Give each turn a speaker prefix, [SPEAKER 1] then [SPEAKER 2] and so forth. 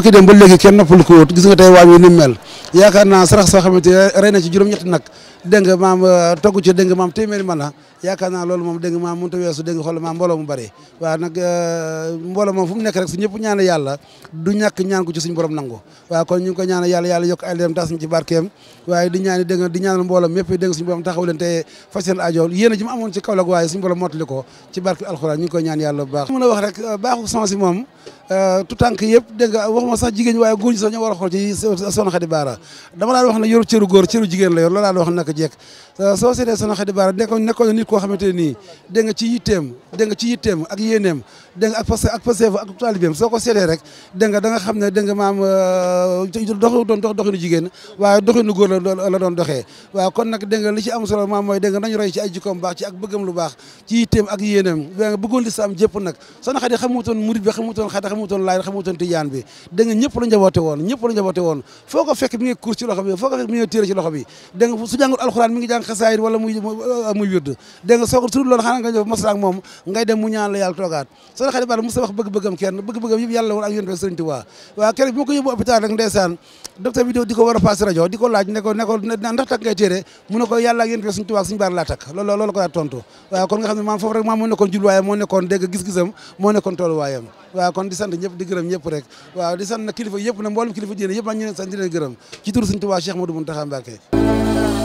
[SPEAKER 1] bëkki dem ba léegi kenn noppalu ko wut gis nga tey waañ wi ni mel yaakaar naa sarax soo xamante rey na ci juróom-ñetti nag dégg nga maam euh, togg ci dégg nga maam téeméeri mën na yaakaar a weesu nag euh, mbooloo mu nekk rek su ñëpp ñaane yàlla du ñàkk ñaan ko ci ci barkeem waaye di ñaani dégg te faj a ko ci barke alxuraan ñu ngi ñaan yàlla baax mën a wax rek euh, baaxu sens moom Euh, tu tànk yëpp dégg nga waxuma sax jigéen ñi waaye góor ñi sax ñoo war a xool ci Soxna Xadi Baara dama daan wax ne yoru cëru góor cëru jigéen la yor loolu daan wax naka jekk soo seetee Soxna Xadi Baara nekkoon nekkoon na nit koo xamante ne nii dégg nga ci yitteem dégg nga ci yitteem ak yéeneem dégg nga ak parce xam ne dégg maam euh, doxinu jigéen waaye doxinu góor la doon doxee waaw kon nag dégg li ci am solo maam mooy dégg nañu roy ci ay jikkoom baax ci ak bëggam lu baax ci yitteem ak yéeneem bëggoon lislaam jëpp nag Soxna Xadi xamutoon laay xamutoon tijaan euh, mu ñaan la bëgg-bëggam kenn bëgg-bëggam yëpp yàlla woon ak yonent Sëriñ Tuubaa ko yóbbu hôpital a laa takk loolu loolu ko daa tontu waaw kon nga xam maam foofu rek maam moo nekkoon jubluwaayam moo nekkoon dégg gis-gisam moo nekkoon tolluwaayam waaw kon di sant ñëpp di gërëm ñëpp rek waaw di sant nag kilifa yëpp nag mboolem kilifa diine yëpp nag ñu leen sant di leen gërëm ci turu Sëriñ Tuubaa Cheikh Modou Mountakha Mbacké